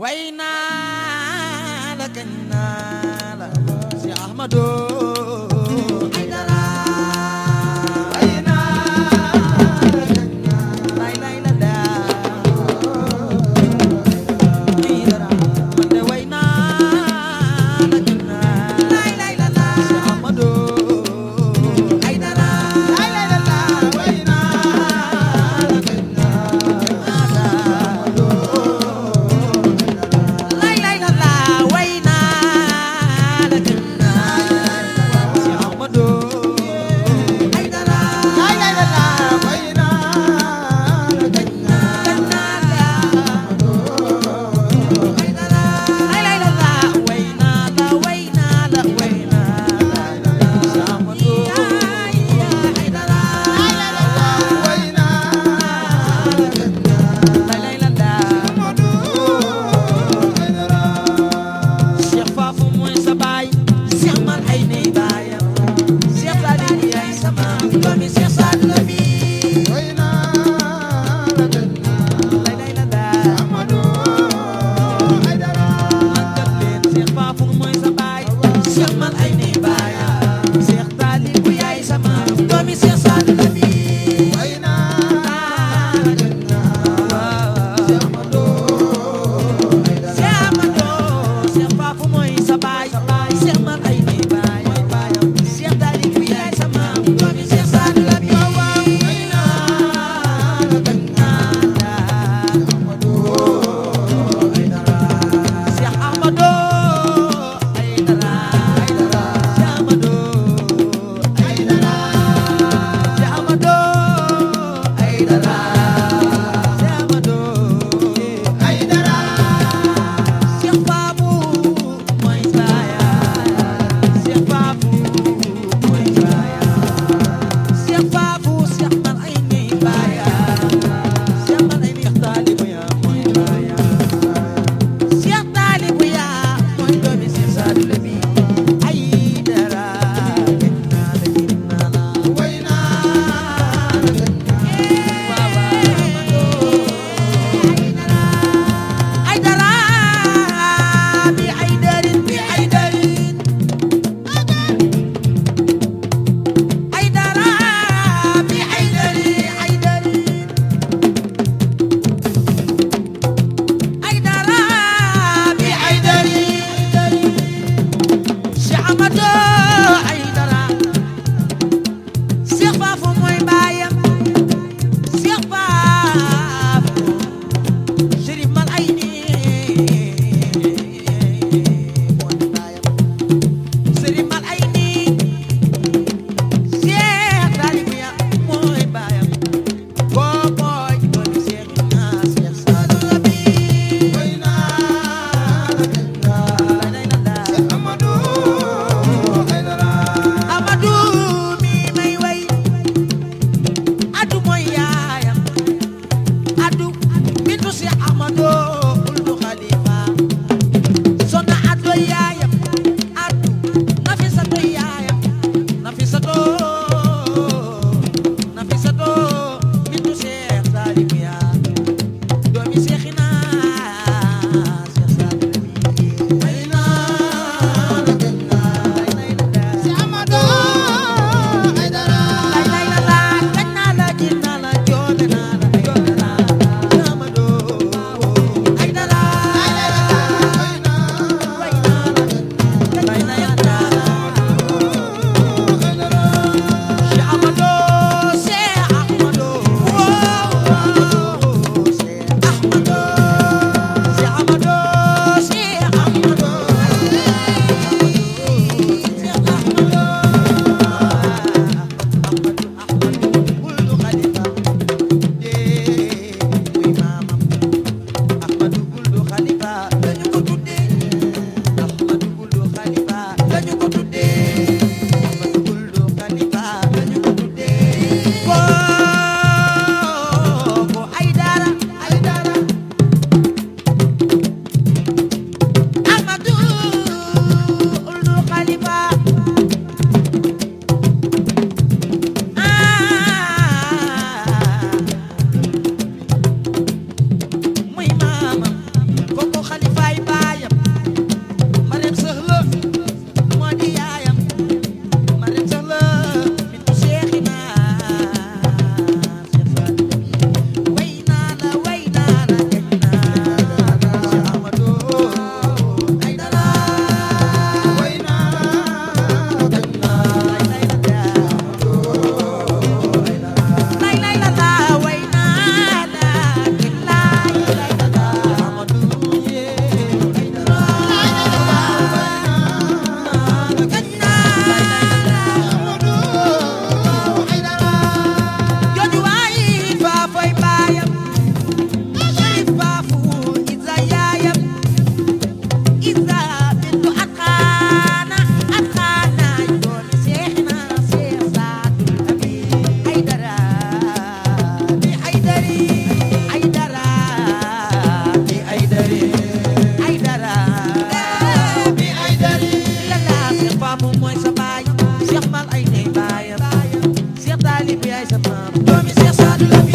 way naa la kañ naa la si Ahmadu papo, mãe Si Tome cessado, leve